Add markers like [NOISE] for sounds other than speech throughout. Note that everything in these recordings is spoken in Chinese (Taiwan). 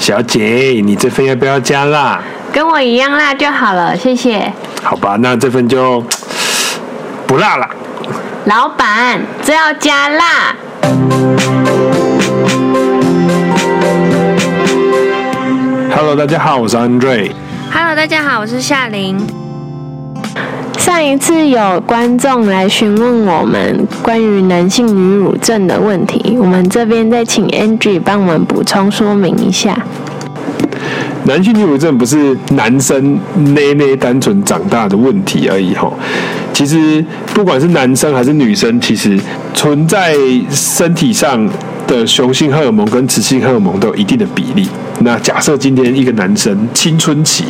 小姐，你這份要不要加辣？跟我一樣辣就好了，謝謝。好吧，那這份就不辣了。老板，這要加辣。Hello，大家好，我是 Andre。Hello，大家好，我是夏玲。上一次有觀眾來詢問我們關於男性女乳症的問題，我們這邊再請 Angie 幫我們補充說明一下。男性女乳症不是男生內內單純長大的問題而已哦，其實不管是男生還是女生，其實存在身體上的雄性荷爾蒙跟雌性荷爾蒙都有一定的比例。那假設今天一個男生青春期。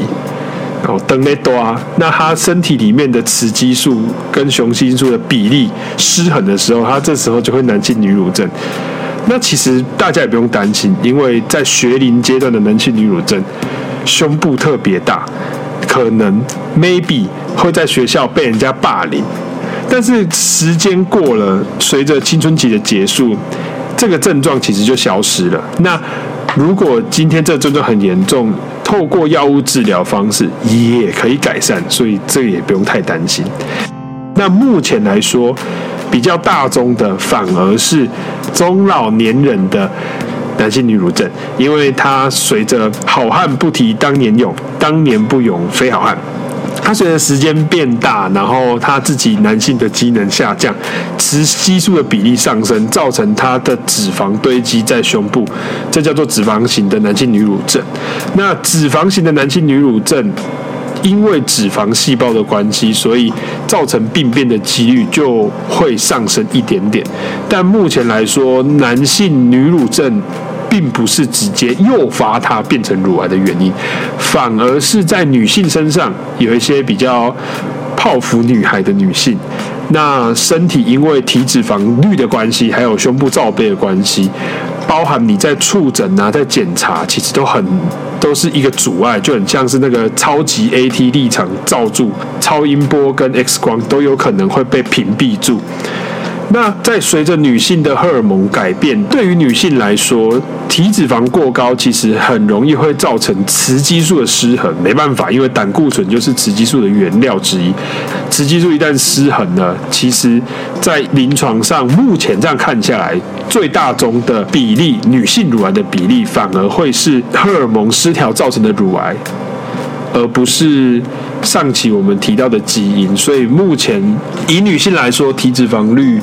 等那多啊，那他身體裡面的雌激素跟雄性素的比例失衡的時候，他這時候就會男性女乳症。那其實大家也不用擔心，因為在學齡階段的男性女乳症，胸部特別大，可能 maybe 會在學校被人家霸凌。但是時間過了，隨着青春期的結束，這個症狀其實就消失了。那如果今天這個症狀很嚴重，透過藥物治療方式也可以改善，所以這也不用太擔心。那目前來說，比較大宗的反而是中老年人的男性女乳症，因為它，隨着好漢不提當年勇，當年不勇非好漢。它隨着時間變大，然後他自己男性的機能下降，雌激素的比例上升，造成他的脂肪堆積在胸部，這叫做脂肪型的男性女乳症。那脂肪型的男性女乳症，因為脂肪細胞的關係，所以造成病變的幾率就會上升一點點。但目前來說，男性女乳症。並不是直接誘發它變成乳癌的原因，反而是在女性身上有一些比較泡芙女孩的女性，那身體因為體脂肪率的關係，還有胸部罩杯的關係，包含你在觸診啊，在檢查，其實都很都是一個阻礙，就很像是那個超級 AT 力場罩住，超音波跟 X 光都有可能會被屏蔽住。那在隨着女性的荷爾蒙改變，對於女性來說，體脂肪過高其實很容易會造成雌激素的失衡。沒辦法，因為膽固醇就是雌激素的原料之一。雌激素一旦失衡了，其實在臨床上目前這樣看下來，最大宗的比例女性乳癌的比例，反而會是荷爾蒙失調造成的乳癌。而不是上期我們提到的基因，所以目前以女性來說，體脂肪率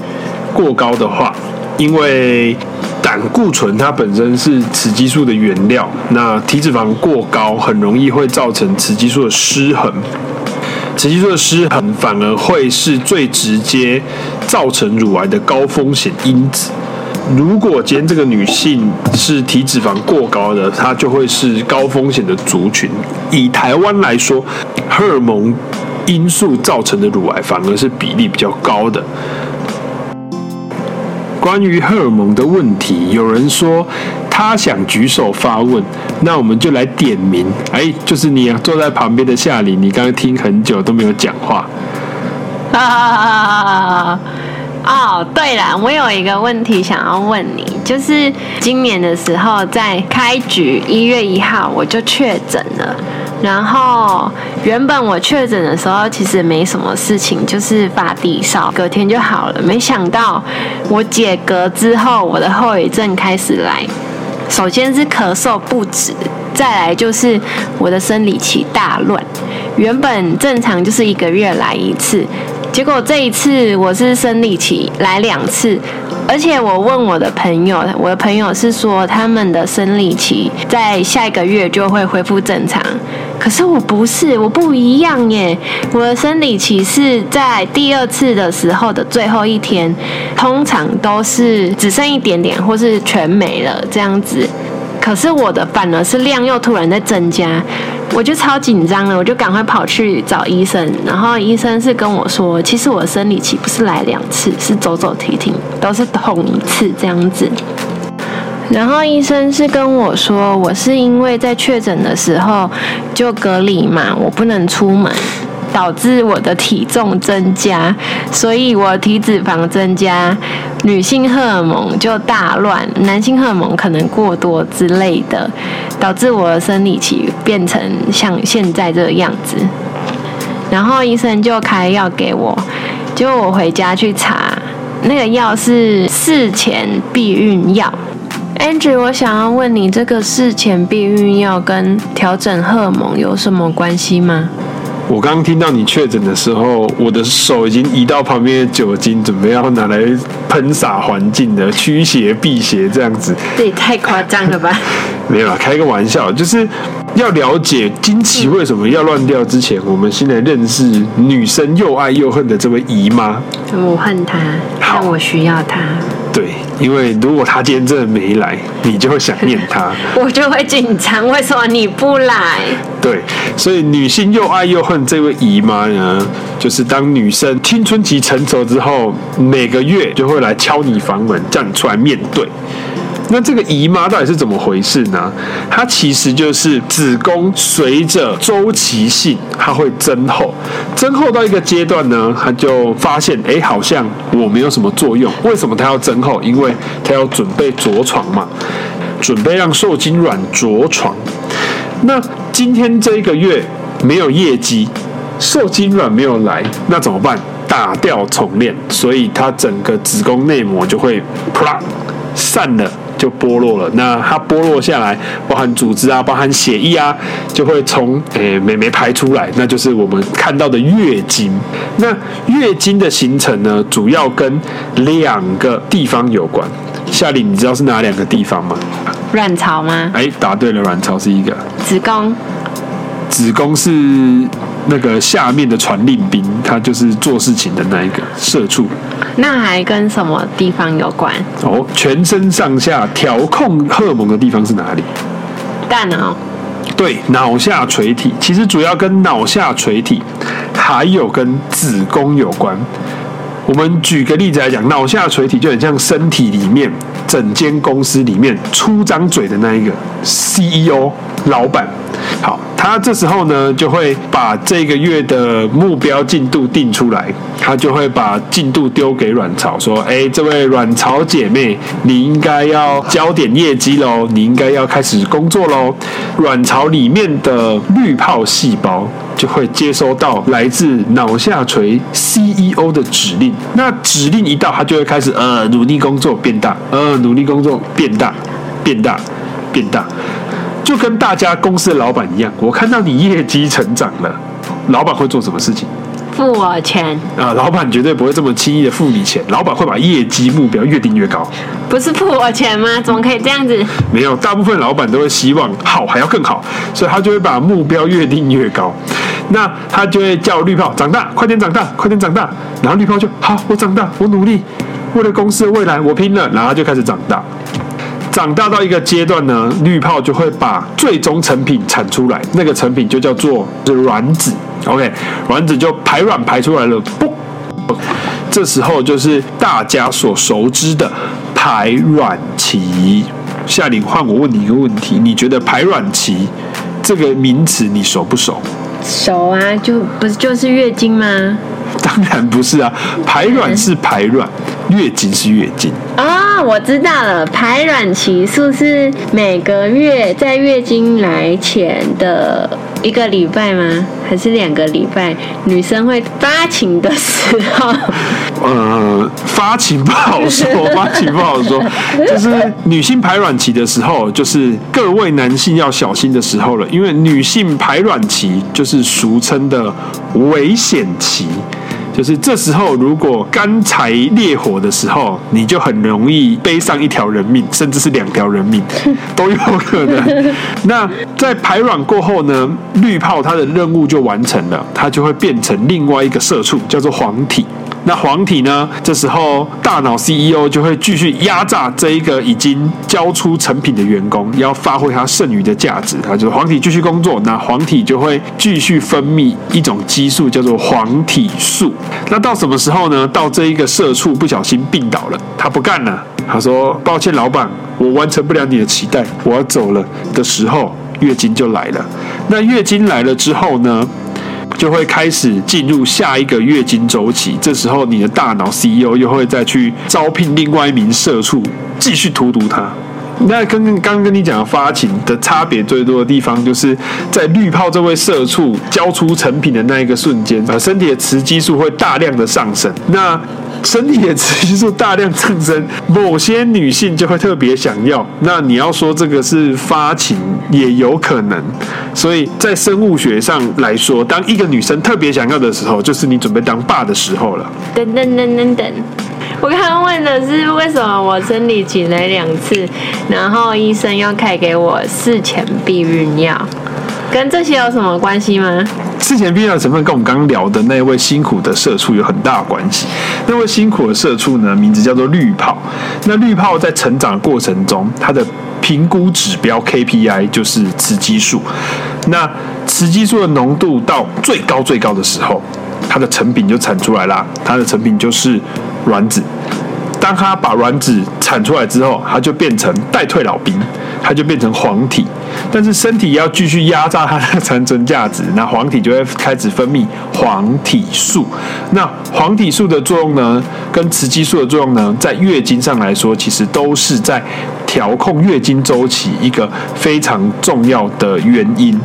過高的話，因為膽固醇它本身是雌激素的原料，那體脂肪過高很容易會造成雌激素的失衡，雌激素的失衡反而會是最直接造成乳癌的高風險因子。如果今天這個女性是體脂肪過高的，她就會是高風險的族群。以台灣來說，荷爾蒙因素造成的乳癌反而是比例比較高的。關於荷爾蒙的問題，有人說他想舉手發問，那我們就來點名。哎、欸，就是你啊，坐在旁邊的夏琳，你剛剛聽很久都沒有講話。啊哦，oh, 對了，我有一個問題想要問你，就是今年的時候在開局一月一號我就確診了，然後原本我確診的時候其實沒什麼事情，就是發低燒，隔天就好了。沒想到我解隔之後，我的後遺症開始來，首先是咳嗽不止，再來就是我的生理期大亂，原本正常就是一個月來一次。結果這一次我是生理期來兩次，而且我問我的朋友，我的朋友是說他們的生理期在下一個月就會恢復正常，可是我不是，我不一樣耶。我的生理期是在第二次的時候的最後一天，通常都是只剩一點點或是全沒了這樣子，可是我的反而是量又突然在增加。我就超緊張了，我就趕快跑去找醫生，然後醫生是跟我說，其實我生理期不是來兩次，是走走停停，都是同一次這樣子。然後醫生是跟我說，我是因為在確診的時候就隔離嘛，我不能出門。導致我的體重增加，所以我的體脂肪增加，女性荷爾蒙就大亂，男性荷爾蒙可能過多之類的，導致我的生理期變成像現在這個樣子。然後醫生就開藥給我，結果我回家去查，那個藥是事前避孕藥。Angie，我想要問你，這個事前避孕藥跟調整荷爾蒙有什麼關係嗎？我剛剛聽到你確診的時候，我的手已經移到旁邊的酒精，準備要拿來噴灑環境的驅邪避邪這樣子。這也太誇張了吧？ [LAUGHS] 沒有，開個玩笑，就是要了解經期為什麼要亂掉之前，嗯、我們先來認識女生又愛又恨的這位姨媽。我恨她，但我需要她。因為如果他今天真的沒來，你就會想念他， [LAUGHS] 我就會緊張。會說，你不來。對，所以女性又愛又恨這位姨媽呢，就是當女生青春期成熟之後，每個月就會來敲你房門，叫你出來面對。那這個姨媽到底是怎麼回事呢？它其實就是子宮隨着週期性它會增厚，增厚到一個階段呢，它就發現，哎，好像我沒有什麼作用。為什麼它要增厚？因為它要準備着床嘛，準備讓受精卵着床。那今天這一個月沒有業績，受精卵沒有來，那怎麼辦？打掉重練。所以它整個子宮內膜就會啪，散了。就剝落了，那它剝落下來，包含組織啊，包含血液啊，就會從誒妹妹排出來，那就是我們看到的月經。那月經的形成呢，主要跟兩個地方有關。夏令你知道是哪兩個地方嗎？卵巢嗎？哎、欸，答對了，卵巢是一個。子宮。子宮是那個下面的傳令兵，它就是做事情的那一個社畜。那還跟什麼地方有關？哦，全身上下調控荷爾蒙的地方是哪裡？大腦，哦。對，腦下垂體其實主要跟腦下垂體，還有跟子宮有關。我們舉個例子來講，腦下垂體就很像身體裡面整間公司裡面出張嘴的那一個 CEO 老闆。好。那這時候呢，就會把這個月的目標進度定出來，他就會把進度丟給卵巢，說：“哎，這位卵巢姐妹，你應該要交點業績嘍，你應該要開始工作嘍。”卵巢裡面的濾泡細胞就會接收到來自腦下垂 CEO 的指令，那指令一到，它就會開始呃努力工作變大，呃努力工作變大，變大，變大。就跟大家公司的老闆一樣，我看到你業績成長了，老闆會做什麼事情？付我錢啊、呃！老闆絕對不會這麼輕易的付你錢，老闆會把業績目標越定越高。不是付我錢嗎？怎麼可以這樣子？嗯、沒有，大部分老闆都會希望好還要更好，所以他就會把目標越定越高。那他就會叫卵泡長大，快點長大，快點長大。然後卵泡就好，我長大，我努力，為了公司的未來，我拼了。然後他就開始長大。長大到一個階段呢，綠泡就會把最終成品產出來，那個成品就叫做卵子。OK，卵子就排卵排出來了，不，這時候就是大家所熟知的排卵期。夏玲，換我問你一個問題，你覺得排卵期這個名詞你熟不熟？熟啊，就不是就是月經嗎？當然不是啊，排卵是排卵。月經是月經啊、哦，我知道了。排卵期是不是每個月在月經來前的一個禮拜嗎？還是兩個禮拜？女生會發情的時候？呃，發情不好說，發情不好說， [LAUGHS] 就是女性排卵期的時候，就是各位男性要小心的時候了，因為女性排卵期就是俗稱的危險期。就是這時候，如果乾柴烈火的時候，你就很容易背上一條人命，甚至是兩條人命都有可能。那在排卵過後呢，濾泡它的任務就完成了，它就會變成另外一個色素，叫做黃體。那黃體呢？這時候大腦 CEO 就會繼續壓榨這一個已經交出成品的員工，要發揮他剩餘的價值。他就是黃體繼續工作，那黃體就會繼續分泌一種激素，叫做黃體素。那到什麼時候呢？到這一個社畜不小心病倒了，他不幹了，他說：“抱歉，老闆，我完成不了你的期待，我要走了。”的時候，月經就來了。那月經來了之後呢？就會開始進入下一個月經週期，這時候你的大腦 CEO 又會再去招聘另外一名社畜繼續荼毒他。那跟剛剛跟你講的發情的差別最多的地方，就是在濾泡這位社畜交出成品的那一個瞬間，呃，身體的雌激素會大量的上升。那身體的雌激素大量上升，某些女性就會特別想要。那你要說這個是發情，也有可能。所以在生物學上來說，當一個女生特別想要的時候，就是你準備當爸的時候了。等等等等等，我剛剛問的是為什麼我生理期來了兩次，然後醫生要開給我事前避、避孕藥。跟這些有什麼關係嗎？之前必要成分跟我們剛剛聊的那位辛苦的社畜有很大的關係。那位辛苦的社畜呢，名字叫做綠泡。那綠泡在成長的過程中，它的評估指標 KPI 就是雌激素。那雌激素的濃度到最高最高的時候，它的成品就產出來了。它的成品就是卵子。當他把卵子產出來之後，他就變成待退老兵，他就變成黃體，但是身體要繼續壓榨它的產生價值，那黃體就會開始分泌黃體素。那黃體素的作用呢，跟雌激素的作用呢，在月經上來說，其實都是在調控月經週期一個非常重要的原因。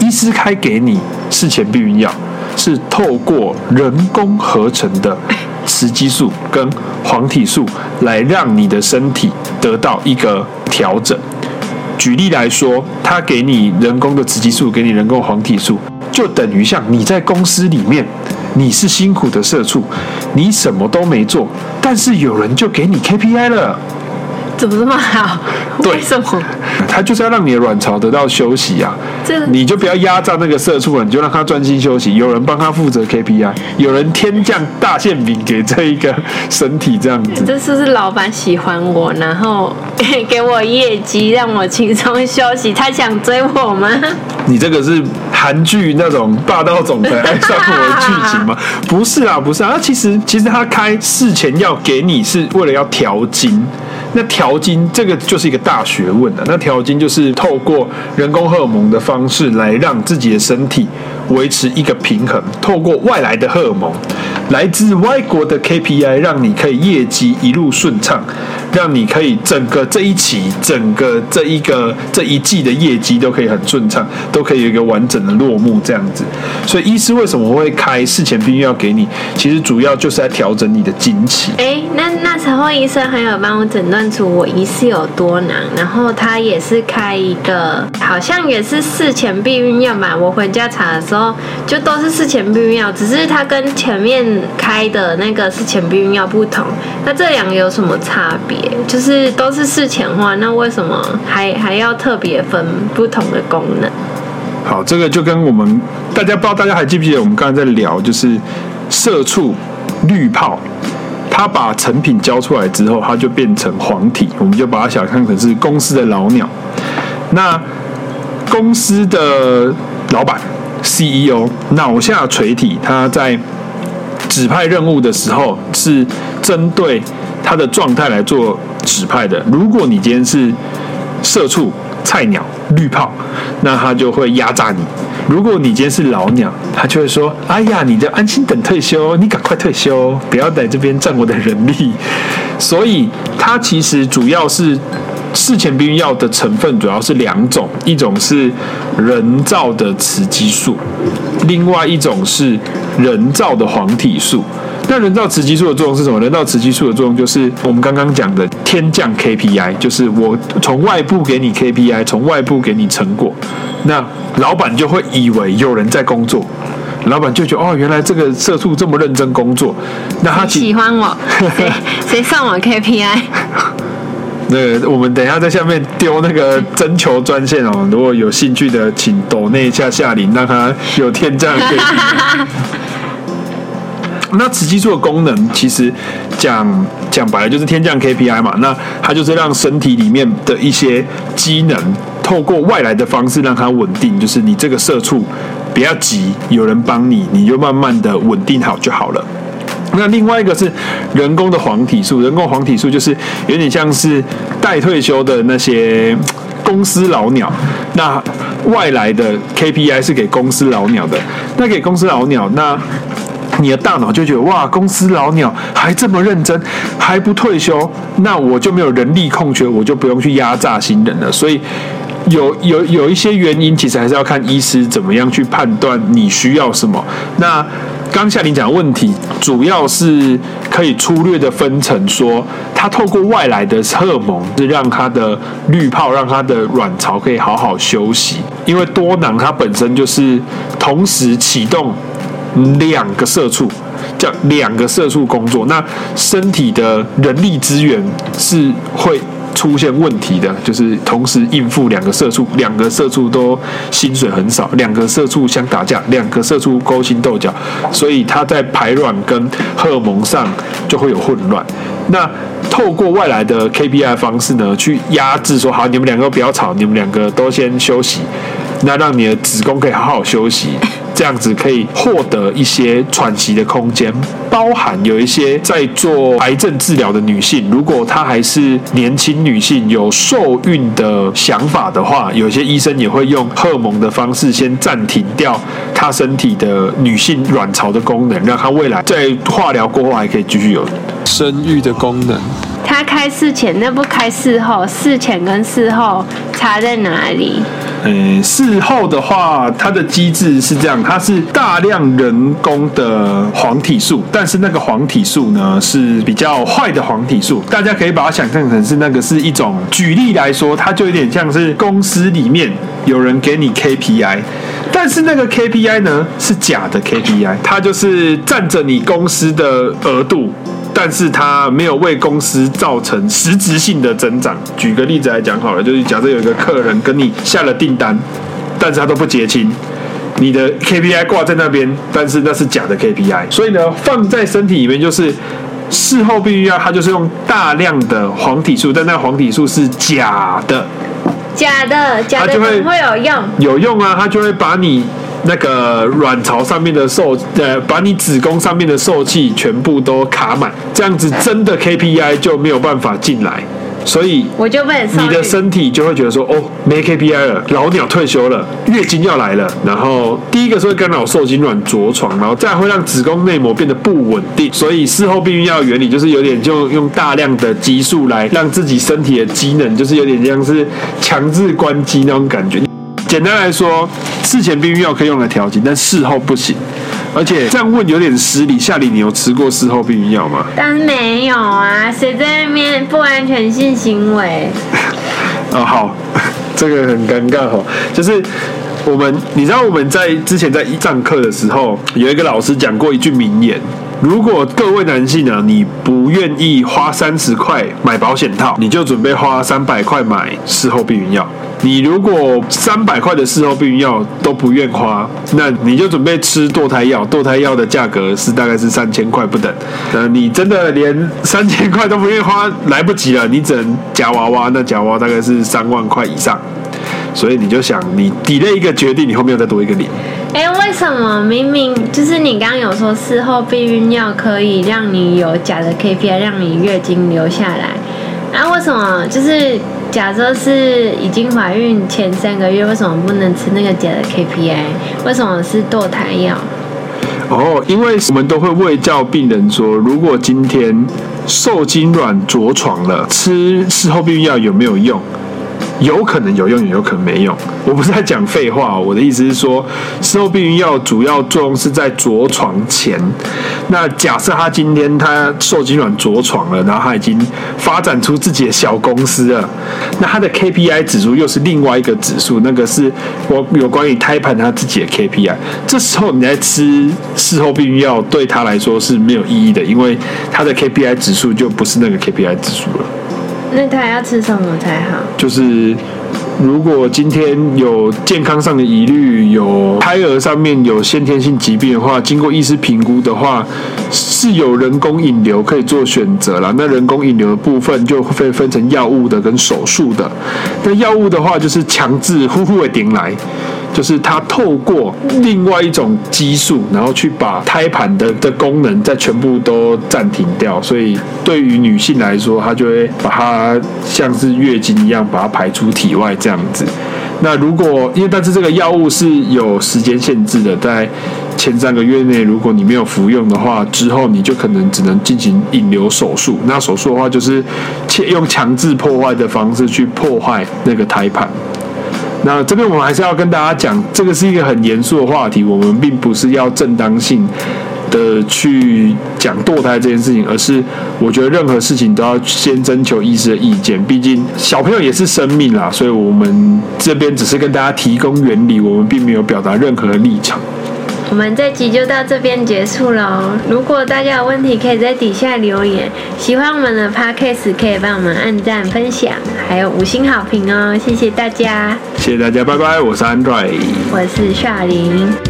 醫師開給你事前避孕藥，是透過人工合成的。雌激素跟黃體素來讓你的身體得到一個調整。舉例來說，他給你人工的雌激素，給你人工黃體素，就等於像你在公司裡面，你是辛苦的社畜，你什麼都沒做，但是有人就給你 KPI 了。怎麼這麼好？對為什麼？他就是要讓你的卵巢得到休息啊！這 你就不要壓榨那個社畜了，你就讓他專心休息。有人幫他負責 KPI，有人天降大餡餅給這一個身體這樣子。這是不是老闆喜歡我，然後給我業績讓我輕鬆休息？他想追我嗎？你這個是韓劇那種霸道總裁愛上我的劇情嗎？ [LAUGHS] 不是啊，不是啊。其實其實他開事前要給你是為了要調經。那調經這個就是一個大學問了。那調經就是透過人工荷爾蒙的方式來讓自己的身體維持一個平衡，透過外來的荷爾蒙。來自外國的 KPI，讓你可以業績一路順暢，讓你可以整個這一期、整個這一個、這一季的業績都可以很順暢，都可以有一個完整的落幕這樣子。所以，醫師為什麼會開事前避孕藥給你？其實主要就是在調整你的經期。哎、欸，那那時候醫生還有幫我診斷出我疑似有多囊，然後他也是開一個，好像也是事前避孕藥嘛。我回家查的時候，就都是事前避孕藥，只是他跟前面。開的那個事前避孕藥不同，那這兩個有什麼差別？就是都是事前化，那為什麼還還要特別分不同的功能？好，這個就跟我們大家，不知道大家還記不記得我們剛才在聊，就是社畜濾泡他把成品交出來之後，他就變成黃體，我們就把它想象成是公司的老鳥。那公司的老板 CEO 腦下垂體，他在，指派任務的時候是針對他的狀態來做指派的。如果你今天是社畜、菜鳥、綠炮，那他就會壓榨你；如果你今天是老鳥，他就會說：“哎呀，你就安心等退休，你趕快退休，不要在這邊占我的人力。”所以，它其實主要是事前避孕藥的成分，主要是兩種：一種是人造的雌激素，另外一種是。人造的黃體素，那人造雌激素的作用是什麼？人造雌激素的作用就是我們剛剛講的天降 KPI，就是我從外部給你 KPI，從外部給你成果，那老闆就會以為有人在工作，老闆就覺得哦，原來這個社畜這麼認真工作，那他喜歡我，誰誰送我 KPI？ [LAUGHS] 那個，我們等一下在下面丟那個徵求專線哦。如果有興趣的，請抖那一下夏琳，讓他有天降的 KPI。 [LAUGHS] 那雌激素的功能，其實講講白了就是天降 KPI 嘛。那它就是讓身體裡面的一些機能，透過外來的方式讓它穩定。就是你這個社畜，不要急，有人幫你，你就慢慢的穩定好就好了。那另外一個是人工的黃體素，人工黃體素就是有點像是待退休的那些公司老鳥。那外來的 KPI 是給公司老鳥的，那給公司老鳥，那你的大腦就覺得哇，公司老鳥還這麼認真，還不退休，那我就沒有人力空缺，我就不用去壓榨新人了。所以。有有有一些原因，其實還是要看醫師怎麼樣去判斷你需要什麼。那剛夏你講的問題，主要是可以粗略的分成說，說他透過外來的荷爾蒙，是讓他的濾泡、讓他的卵巢可以好好休息，因為多囊它本身就是同時啟動兩個色素，叫兩個色素工作，那身體的人力資源是會。出現問題的就是同時應付兩個社畜，兩個社畜都薪水很少，兩個社畜相打架，兩個社畜勾心鬥角，所以他在排卵跟荷爾蒙上就會有混亂。那透過外來的 KPI 方式呢，去壓制說好，你們兩個不要吵，你們兩個都先休息。那讓你的子宮可以好好休息， [LAUGHS] 這樣子可以獲得一些喘息的空間。包含有一些在做癌症治療的女性，如果她還是年輕女性，有受孕的想法的話，有些醫生也會用荷蒙的方式先暫停掉她身體的女性卵巢的功能，讓她未來在化療過後還可以繼續有生育的功能。她開事前，那不開事後，事前跟事後差在哪裡？呃，事後的話，它的機制是這樣，它是大量人工的黃體素，但是那個黃體素呢，是比較壞的黃體素，大家可以把它想象成是那個是一種，舉例來說，它就有點像是公司裡面有人給你 KPI，但是那個 KPI 呢，是假的 KPI，它就是占着你公司的額度。但是他沒有為公司造成實質性的增長。舉個例子來講好了，就是假設有一個客人跟你下了訂單，但是他都不結清，你的 KPI 掛在那邊，但是那是假的 KPI。所以呢，放在身體裡面就是事後避孕藥，它就是用大量的黃體素，但那黃體素是假的，假的，假的就會有用，有用啊，他就會把你。那個卵巢上面的受，呃，把你子宮上面的受器全部都卡滿，這樣子真的 KPI 就沒有辦法進來，所以我就問你的身體就會覺得說，哦，沒 KPI 了，老鳥退休了，月經要來了，然後第一個是會干擾受精卵着床，然後再會讓子宮內膜變得不穩定，所以事後避孕藥原理就是有點就用大量的激素來讓自己身體的機能就是有點像是強制關機那種感覺。簡單來說，事前避孕藥可以用來調節，但事後不行。而且這樣問有點失禮。夏禮，你有吃過事後避孕藥嗎？當然沒有啊，誰在外面不安全性行為？啊、 [LAUGHS] 哦，好，這個很尷尬哦。就是我們，你知道我們在之前在一堂課的時候，有一個老師講過一句名言：如果各位男性啊，你不願意花三十塊買保險套，你就準備花三百塊買事後避孕藥。你如果三百塊的事後避孕藥都不願花，那你就準備吃墮胎藥。墮胎藥的價格是大概是三千塊不等。那你真的連三千塊都不願花，來不及了，你只能夾娃娃。那夾娃娃大概是三萬塊以上。所以你就想，你 delay 一個決定，你後面要再多一個零。哎、欸，為什麼明明就是你剛剛有說，事後避孕藥可以讓你有假的 KPI，讓你月經留下來？啊，為什麼就是？假設是已經懷孕前三個月，為什麼不能吃那個假的 KPI？為什麼是墮胎藥？哦，因為我們都會衛教病人說，如果今天受精卵着床了，吃事後避孕藥有沒有用？有可能有用，也有可能沒用。我不是在講廢話哦，我的意思是說，事後避孕藥主要作用是在着床前。那假設他今天他受精卵着床了，然後他已經發展出自己的小公司了，那他的 KPI 指數又是另外一個指數，那個是我有關於胎盤他自己的 KPI。這時候你在吃事後避孕藥對他來說是沒有意義的，因為他的 KPI 指數就不是那個 KPI 指數了。那他要吃什麼才好？就是。如果今天有健康上的疑慮，有胎兒上面有先天性疾病的話，經過醫師評估的話，是有人工引流可以做選擇啦，那人工引流的部分就會分成藥物的跟手術的。那藥物的話就是強制呼呼的頂來，就是它透過另外一種激素，然後去把胎盤的的功能再全部都暫停掉。所以對於女性來說，她就會把它像是月經一樣，把它排出體外這樣。這樣子，那如果因為但是這個藥物是有時間限制的，在前三個月內，如果你沒有服用的話，之後你就可能只能進行引流手術。那手術的話，就是用強制破壞的方式去破壞那個胎盤。那這邊我們還是要跟大家講，這個是一個很嚴肅的話題，我們並不是要正當性。的去講墮胎這件事情，而是我覺得任何事情都要先徵求醫師的意見，畢竟小朋友也是生命啦。所以我們這邊只是跟大家提供原理，我們並沒有表達任何的立場。我們這集就到這邊結束嘍。如果大家有問題，可以在底下留言。喜歡我們的 Podcast，可以幫我們按讚、分享，還有五星好評哦、喔，謝謝大家。謝謝大家，拜拜。我是 Android，我是夏琳。